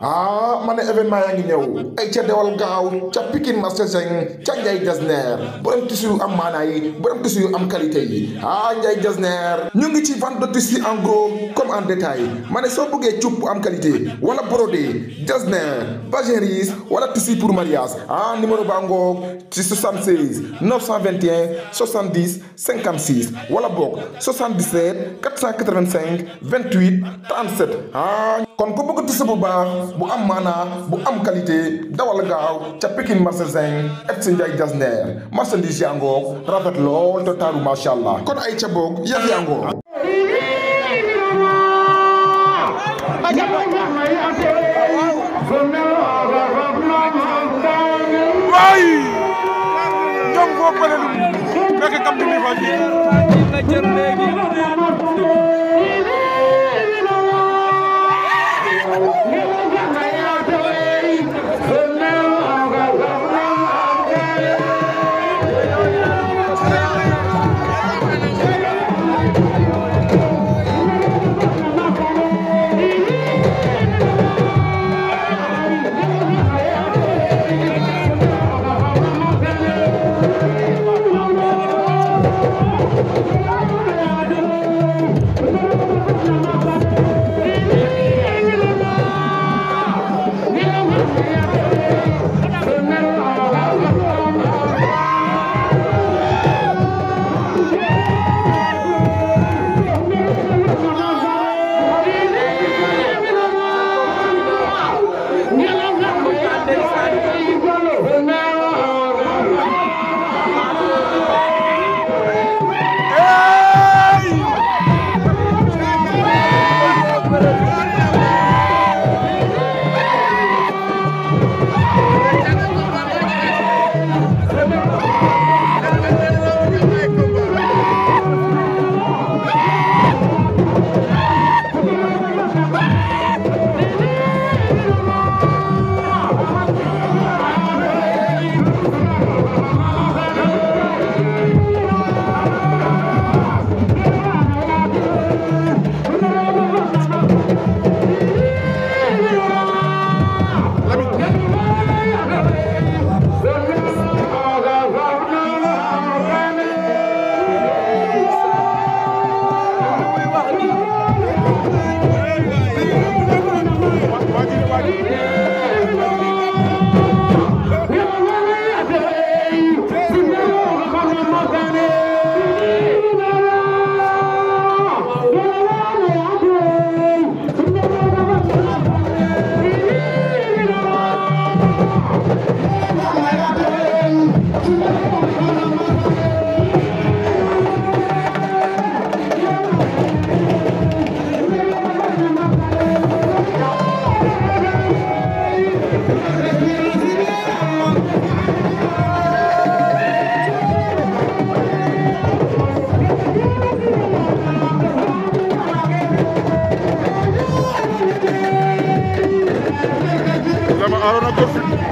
ah ma ne événement yaa ngi ñëw ay ca dewal gaaw ca Pikine Master Seng ca Ndiaye Jasner borom tissu yu am maanaa yi borom tissu yu am qualité yi ah Ndiaye Jasner ñu ngi ci vente de tissu en gros comme en détail ma ne soo bëggee cuub am qualité wala brodé Jasner Bageris wala tissu pour mariage ah numéro baa ngoog ci 76 921 70 56 wala boog 77 485 28 37 ah. kon ku bëgg tise bu baax bu am maanaa bu am qualité dawal gaaw ca Pikine Marchésin FC Ndiaye Jasner marchandise yaa ngoog rafet lool te taaru allah kon ay ca boog yàq yaa ngoog. Ahora no te